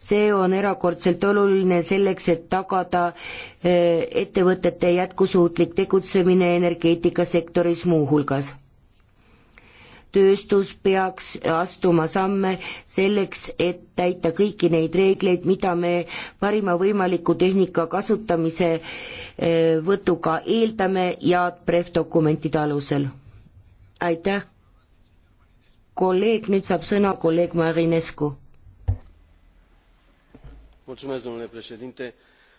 see on erakordselt oluline selleks, et tagada eh, ettevõtete jätkusuutlik tegutsemine energeetikasektoris muuhulgas tööstus peaks astuma samme selleks, et täita kõiki neid reegleid, mida me parima võimaliku tehnika kasutamise võtuga eeldame ja PREF dokumentide alusel. aitäh, kolleeg, nüüd saab sõna kolleeg Marinescu. mulțumesc, domnule președinte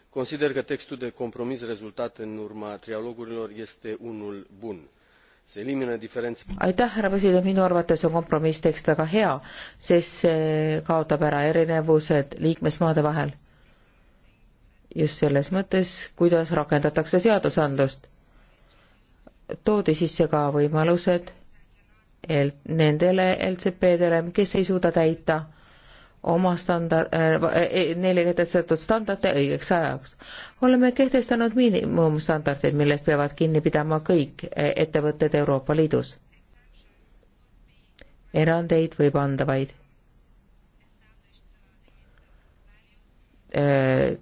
consider că textul de compromis rezultat în urma trialogurilor este unul bun. see elimină diferențe. aitäh, härra president, minu arvates on kompromisstekst väga hea, sest see kaotab ära erinevused liikmesmaade vahel just selles mõttes, kuidas rakendatakse seadusandlust. toodi sisse ka võimalused el-, nendele LCP-dele, kes ei suuda täita oma standard äh,, äh neile kehtestatud standarde õigeks ajaks. oleme kehtestanud miinimumstandardid, millest peavad kinni pidama kõik äh, ettevõtted Euroopa Liidus. erandeid võib anda vaid äh,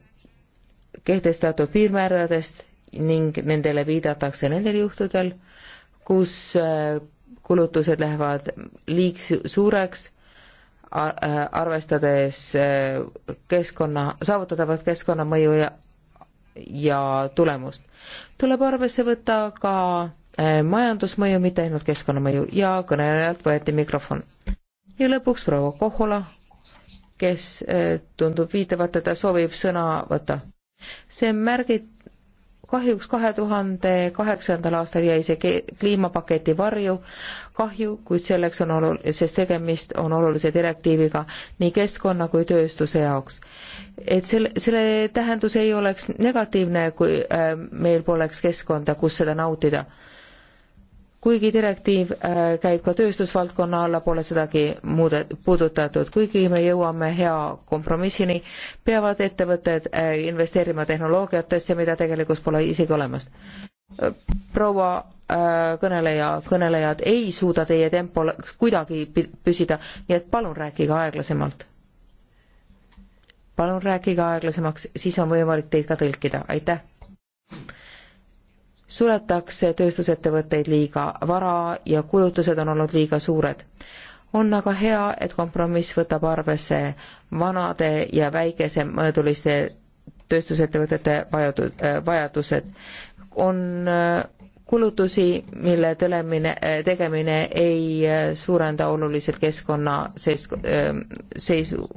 kehtestatud piirmääradest ning nendele viidatakse nendel juhtudel, kus äh, kulutused lähevad liig suureks, äh, arvestades äh, keskkonna, saavutatavat keskkonnamõju ja, ja tulemust. tuleb arvesse võtta ka majandusmõju, mitte ainult keskkonnamõju ja kõnelejalt võeti mikrofon. ja lõpuks proua Kohola, kes tundub viitavat, et ta soovib sõna võtta see märgib kahjuks kahe tuhande kaheksandal aastal jäi see kliimapaketi varju, kahju, kuid selleks on olul-, sest tegemist on olulise direktiiviga nii keskkonna kui tööstuse jaoks. et selle, selle tähendus ei oleks negatiivne, kui äh, meil poleks keskkonda, kus seda nautida kuigi direktiiv äh, käib ka tööstusvaldkonna alla, pole sedagi muude, puudutatud. kuigi me jõuame hea kompromissini, peavad ettevõtted äh, investeerima tehnoloogiatesse, mida tegelikult pole isegi olemas. proua äh, kõneleja, kõnelejad ei suuda teie tempol kuidagi püsida, nii et palun rääkige aeglasemalt. palun rääkige aeglasemaks, siis on võimalik teid ka tõlkida, aitäh suletakse tööstusettevõtteid liiga vara ja kulutused on olnud liiga suured. on aga hea, et kompromiss võtab arvesse vanade ja väikesemõõduliste tööstusettevõtete vajadu-, vajadused. on äh, kulutusi, mille telemine, äh, tegemine ei äh, suurenda oluliselt keskkonna seis, seisu,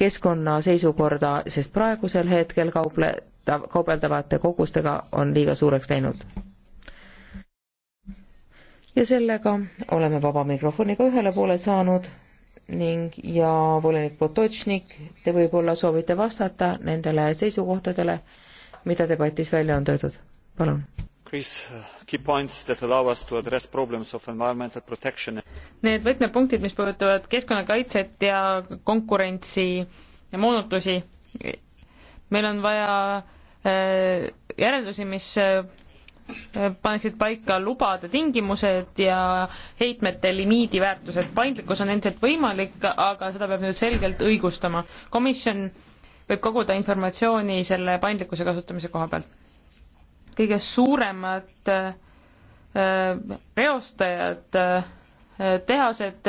keskkonna seisukorda, sest praegusel hetkel kauble-, kaubeldavate kogustega on liiga suureks läinud. ja sellega oleme vaba mikrofoniga ühele poole saanud ning ja volinik Potočnik, te võib-olla soovite vastata nendele seisukohtadele, mida debatis välja on toodud. palun Uh, Need võtmepunktid, mis puudutavad keskkonnakaitset ja konkurentsi ja moonutusi, meil on vaja äh, järeldusi, mis äh, paneksid paika lubade tingimused ja heitmete limiidi väärtused. paindlikkus on endiselt võimalik, aga seda peab nüüd selgelt õigustama. komisjon võib koguda informatsiooni selle paindlikkuse kasutamise koha pealt kõige suuremad äh, reostajad, äh, tehased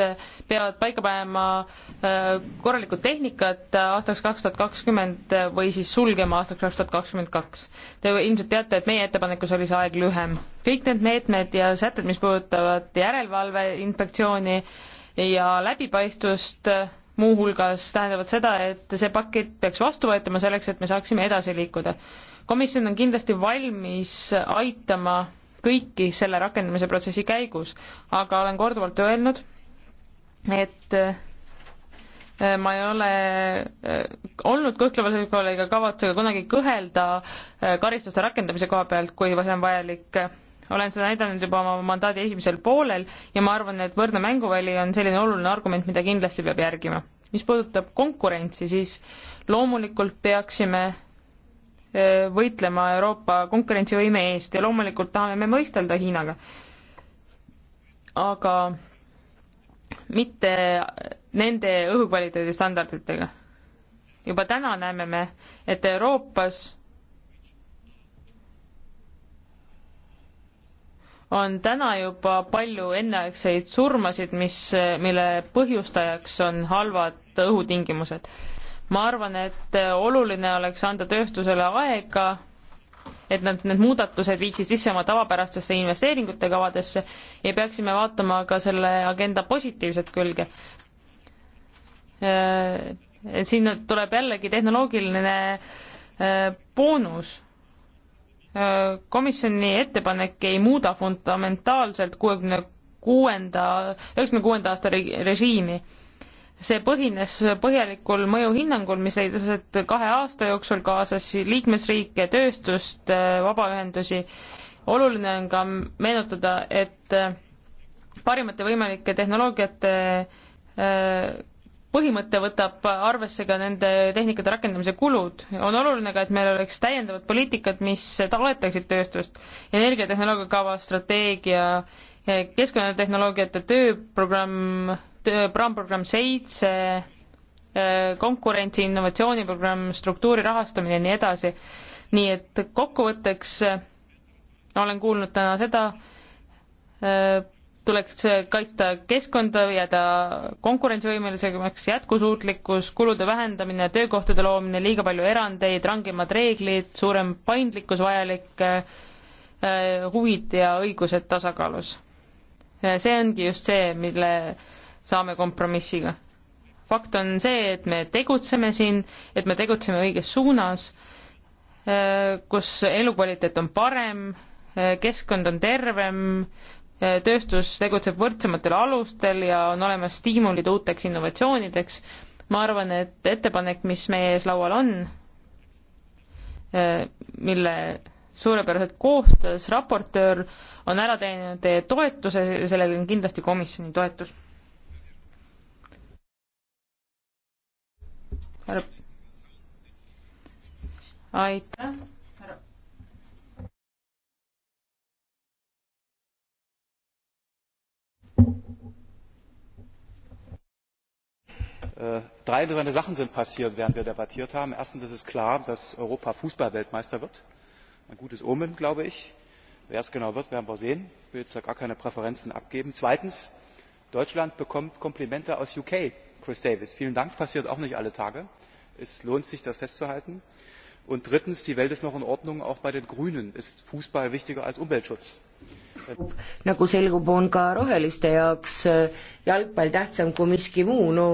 peavad paika panema äh, korralikud tehnikad aastaks kaks tuhat kakskümmend või siis sulgema aastaks kaks tuhat kakskümmend kaks. Te ilmselt teate, et meie ettepanekus oli see aeg lühem. kõik need meetmed ja sätted, mis puudutavad järelevalve inspektsiooni ja läbipaistvust, muuhulgas tähendavad seda, et see pakett peaks vastu võetama selleks, et me saaksime edasi liikuda komisjon on kindlasti valmis aitama kõiki selle rakendamise protsessi käigus, aga olen korduvalt öelnud, et äh, ma ei ole äh, olnud kõhkleva seisukohal ega kavatse kunagi kõhelda äh, karistuste rakendamise koha pealt, kui see on vajalik. olen seda näidanud juba oma mandaadi esimesel poolel ja ma arvan, et võrdne mänguväli on selline oluline argument, mida kindlasti peab järgima. mis puudutab konkurentsi, siis loomulikult peaksime võitlema Euroopa konkurentsivõime eest ja loomulikult tahame me võistelda Hiinaga. aga mitte nende õhukvaliteedi standarditega. juba täna näeme me, et Euroopas on täna juba palju enneaegseid surmasid, mis, mille põhjustajaks on halvad õhutingimused ma arvan, et äh, oluline oleks anda tööstusele aega, et nad, need muudatused viiksid sisse oma tavapärastesse investeeringute kavadesse ja peaksime vaatama ka selle agenda positiivset külge. Äh, siin tuleb jällegi tehnoloogiline äh, boonus komisjoni ettepanek ei muuda fundamentaalselt kuuekümne kuuenda, üheksakümne kuuenda aasta režiimi see põhines põhjalikul mõjuhinnangul, mis leidis, et kahe aasta jooksul kaasas liikmesriike, tööstust, vabaühendusi. oluline on ka meenutada, et parimate võimalike tehnoloogiate äh, põhimõte võtab arvesse ka nende tehnikate rakendamise kulud. on oluline ka, et meil oleks täiendavad poliitikad, mis toetaksid tööstust, energiatehnoloogia kava, strateegia, eh, keskkonnatehnoloogiate tööprogramm raamprogramm seitse, konkurentsi innovatsiooniprogramm, struktuuri rahastamine ja nii edasi. nii et kokkuvõtteks äh, olen kuulnud täna seda, äh, tuleks kaitsta keskkonda, jääda konkurentsivõimelisemaks, jätkusuutlikkus, kulude vähendamine, töökohtade loomine, liiga palju erandeid, rangemad reeglid, suurem paindlikkus vajalik, äh, huvid ja õigused tasakaalus. see ongi just see, mille saame kompromissiga. fakt on see, et me tegutseme siin, et me tegutseme õiges suunas, äh, kus elukvaliteet on parem, äh, keskkond on tervem, äh, tööstus tegutseb võrdsematel alustel ja on olemas stiimulid uuteks innovatsioonideks. ma arvan, et ettepanek, mis meie ees laual on, mille suurepäraselt koostas raportöör, on ära teeninud teie toetuse ja sellel on kindlasti komisjoni toetus härra. aitäh, härra. Äh, drei interessante Sachen sind passiert, während wir debattiert haben. Erstens ist es klar, dass Europa Fußballweltmeister wird. Ein gutes Omen, glaube ich. Wer es genau wird, werden wir sehen. Ich will jetzt da gar keine Präferenzen abgeben. Zweitens, Deutschland bekommt Komplimente aus UK chris davies. vielen dank passiert auch nicht alle tage. es lohnt sich das festzuhalten. und drittens die welt ist noch in ordnung auch bei den grünen ist fußball wichtiger als umweltschutz. nagu selgub on ka roheliste jaoks äh, jalgpall tähtsam kui miski muu no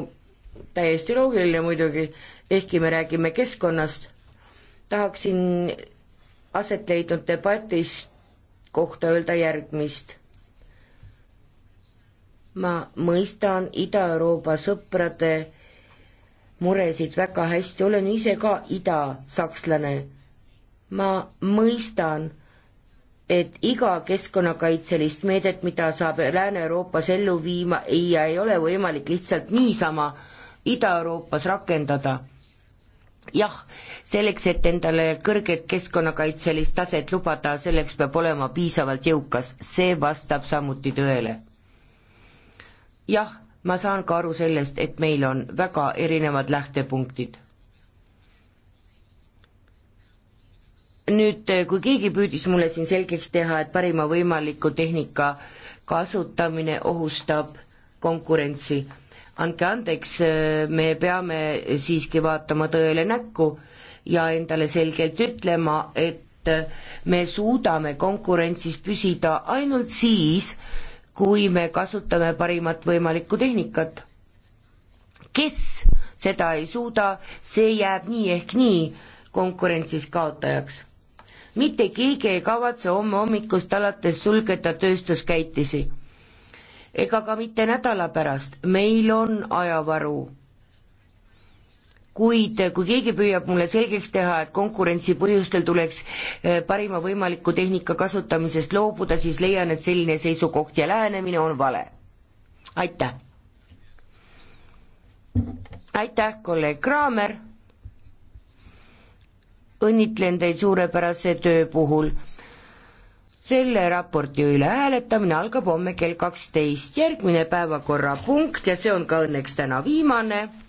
täiesti loogiline muidugi ehkki me räägime keskkonnast tahaksin aset leidnud debatist kohta öelda järgmist ma mõistan Ida-Euroopa sõprade muresid väga hästi, olen ise ka idasakslane. ma mõistan, et iga keskkonnakaitselist meedet, mida saab Lääne-Euroopas ellu viima, ei, ei ole võimalik lihtsalt niisama Ida-Euroopas rakendada. jah, selleks, et endale kõrget keskkonnakaitselist taset lubada, selleks peab olema piisavalt jõukas, see vastab samuti tõele jah, ma saan ka aru sellest, et meil on väga erinevad lähtepunktid. nüüd, kui keegi püüdis mulle siin selgeks teha, et parima võimaliku tehnika kasutamine ohustab konkurentsi, andke andeks, me peame siiski vaatama tõele näkku ja endale selgelt ütlema, et me suudame konkurentsis püsida ainult siis, kui me kasutame parimat võimalikku tehnikat. kes seda ei suuda, see jääb nii ehk nii konkurentsis kaotajaks. mitte keegi ei kavatse homme hommikust alates sulgeda tööstuskäitisi ega ka mitte nädala pärast, meil on ajavaru kuid kui keegi püüab mulle selgeks teha, et konkurentsi põhjustel tuleks eh, parima võimaliku tehnika kasutamisest loobuda, siis leian, et selline seisukoht ja lähenemine on vale. aitäh. aitäh, kolleeg Kraamer. õnnitlen teid suurepärase töö puhul. selle raporti üle hääletamine algab homme kell kaksteist, järgmine päevakorrapunkt ja see on ka õnneks täna viimane